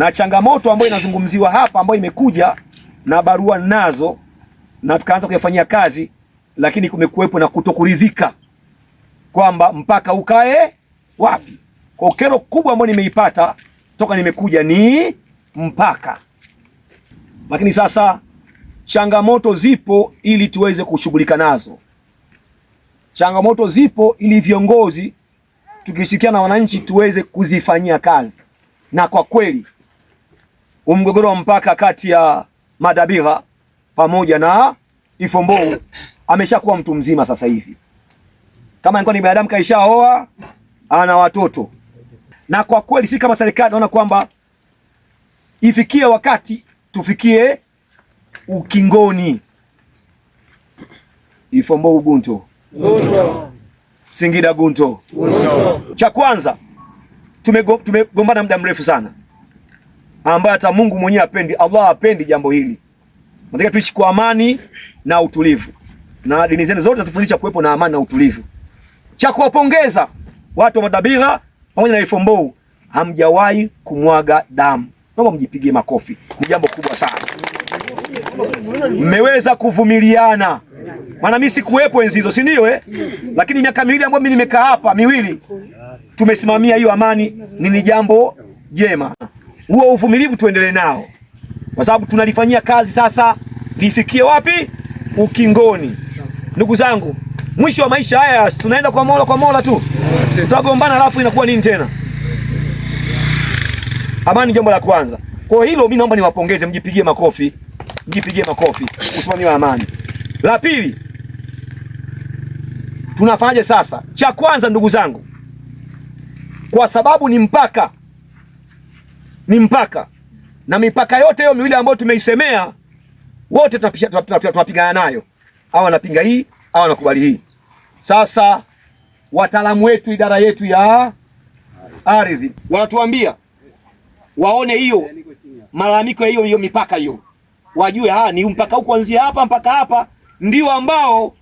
na changamoto ambayo inazungumziwa hapa ambayo imekuja na barua nazo na tukaanza kuyafanyia kazi, lakini kumekuwepo na kutokuridhika kwamba mpaka ukae wapi. Kwa kero kubwa ambayo nimeipata toka nimekuja ni mpaka, lakini sasa changamoto zipo ili tuweze kushughulika nazo. Changamoto zipo ili viongozi tukishirikiana na wananchi tuweze kuzifanyia kazi, na kwa kweli umgogoro wa mpaka kati ya Madabira pamoja na Ifombou ameshakuwa mtu mzima sasa hivi. Kama alikuwa ni binadamu kaishaoa, ana watoto, na kwa kweli si kama serikali naona kwamba ifikie wakati tufikie ukingoni. Ifombou Gunto, Gunto. Singida Gunto, Gunto. Cha kwanza tumegombana tume muda mrefu sana ambayo hata Mungu mwenyewe apendi, Allah apendi jambo hili. Nataka tuishi kwa amani na utulivu, na dini zenu zote zinatufundisha kuwepo na amani na utulivu. Cha kuwapongeza watu wa Madabigha pamoja na Ifombou, hamjawahi kumwaga damu. Naomba mjipigie makofi, ni jambo kubwa sana. Mmeweza kuvumiliana, maana mimi sikuwepo enzi hizo, si ndio eh? Lakini miaka miwili ambayo mimi nimekaa hapa, miwili tumesimamia hiyo amani, ni jambo jema huo uvumilivu tuendelee nao, kwa sababu tunalifanyia kazi sasa lifikie wapi? Ukingoni. Ndugu zangu, mwisho wa maisha haya tunaenda kwa Mola, kwa Mola tu tutagombana, alafu inakuwa nini tena? Amani jambo la kwanza. Kwa hilo mimi naomba niwapongeze, mjipigie makofi, mjipigie makofi usimamiwa amani. La pili tunafanyaje sasa? Cha kwanza ndugu zangu, kwa sababu ni mpaka ni mpaka, na mipaka yote hiyo miwili ambayo tumeisemea wote tunapigana nayo, au anapinga hii au anakubali hii. Sasa wataalamu wetu, idara yetu ya ardhi, wanatuambia waone hiyo malalamiko hiyo hiyo mipaka hiyo, wajue ha ah, ni mpaka huu kuanzia hapa mpaka hapa ndio ambao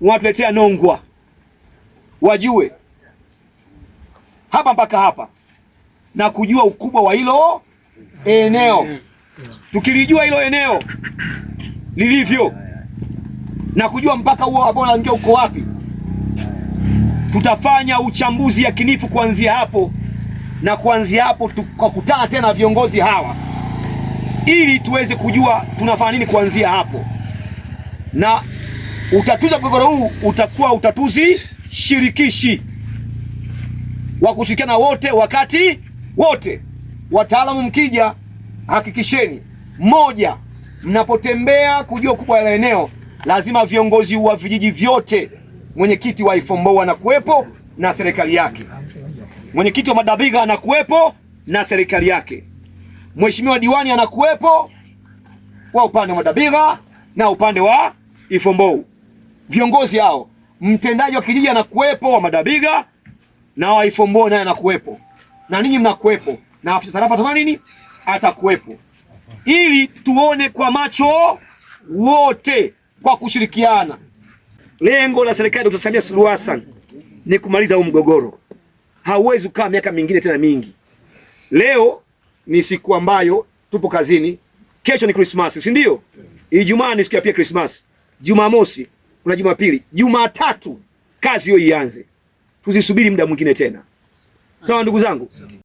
wanatuletea nongwa, wajue hapa mpaka hapa na kujua ukubwa wa hilo eneo. Tukilijua hilo eneo lilivyo na kujua mpaka huo ambao unaingia uko wapi, tutafanya uchambuzi yakinifu kuanzia hapo, na kuanzia hapo tukakutana tena viongozi hawa ili tuweze kujua tunafanya nini kuanzia hapo, na utatuzi wa mgogoro huu utakuwa utatuzi shirikishi wa kushirikiana wote wakati wote wataalamu mkija, hakikisheni moja, mnapotembea kujua ukubwa la eneo, lazima viongozi wa vijiji vyote, mwenyekiti wa Ifomboa anakuwepo na serikali yake, mwenyekiti wa Madabiga anakuwepo na serikali yake, mheshimiwa diwani anakuwepo wa upande wa Madabiga na upande wa Ifombou, viongozi hao, mtendaji wa kijiji anakuwepo wa Madabiga na wa Ifombou naye anakuwepo na ninyi mnakuwepo na afisa tarafa atafanya nini? Atakuwepo ili tuone kwa macho wote kwa kushirikiana. Lengo la serikali ya Samia Suluhu Hassan ni kumaliza huu mgogoro. Hauwezi kukaa miaka mingine tena mingi. Leo ni siku ambayo tupo kazini, kesho ni Christmas, si ndio? Ijumaa ni siku ya pia Christmas, Jumamosi kuna Jumapili, Jumatatu kazi hiyo ianze, tuzisubiri muda mwingine tena. Sawa ndugu zangu.